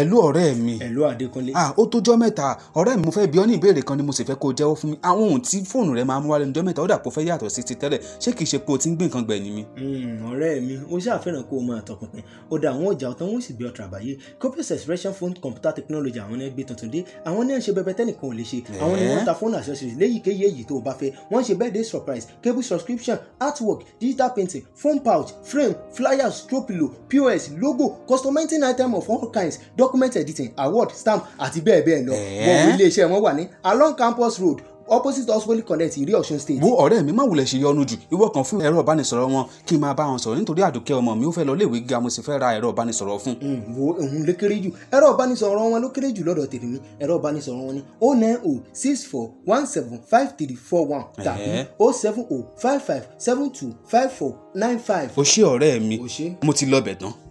ẹ̀lú ọ̀rẹ́ mi. ẹ̀lú Adékúnlé. ah ó tójọ́ mẹ́ta ọ̀rẹ́ mi mo fẹ́ bi ọ́ ní ìbéèrè kan ni mo sì fẹ́ kó jẹ́wọ́ fún mi àwọn ohun tí fóònù rẹ máa mú wálé níjọ́ mẹ́ta ó dà pọ̀ fẹ́ yàtọ̀ sí ti tẹ́lẹ̀ ṣé kìí ṣe pé o ti ń gbé nǹkan gbẹ̀yìn mi. Hmm, ọ̀rẹ́ mi ó ṣàfihàn kó o máa tọpinpin ó da àwọn ọjà ọ̀tán wọ́n sì gbé ọ̀tọ̀ àbáyé copious expression phone computer technology àwọn ẹgbẹ́ tuntun dé àwọn ní à ń ṣe bẹbẹ tẹ́nìkan ò lè ṣe àwọn ni wọ́n ta surprise cable subscription artwork digital painting phone pouch frame flyers stroke pillow logo customizing item of all kinds document editing award stamp àti bẹ́ẹ̀ bẹ́ẹ̀ lọ wọ́n wọ iléeṣẹ́ wọn wà ní along campus road opposite oswald connect ìrí ọ̀ṣun state. wo ọ̀rẹ́ mi má wulẹ̀ ṣe yọnu jù ìwọ kan fún ẹ̀rọ ìbánisọ̀rọ̀ wọn kí n máa bá wọn sọ̀rọ̀ nítorí àdùkẹ́ ọmọ mi ó fẹ́ lọ léèwé gíga mo sì fẹ́ ra ẹ̀rọ ìbánisọ̀rọ̀ fún. Mm, wo òun ló kéré jù ẹ̀rọ ìbánisọ̀rọ̀ wọn ló kéré jù lọ́dọ̀ tèmi mi ẹ̀rọ ìbánisọ̀rọ̀ wọn ni o oh nine o oh six four one seven five three four one tàbí o oh seven o five five seven two five four nine five. o ṣé ọ̀rẹ́ mi mo ti lọ bẹ̀ tán.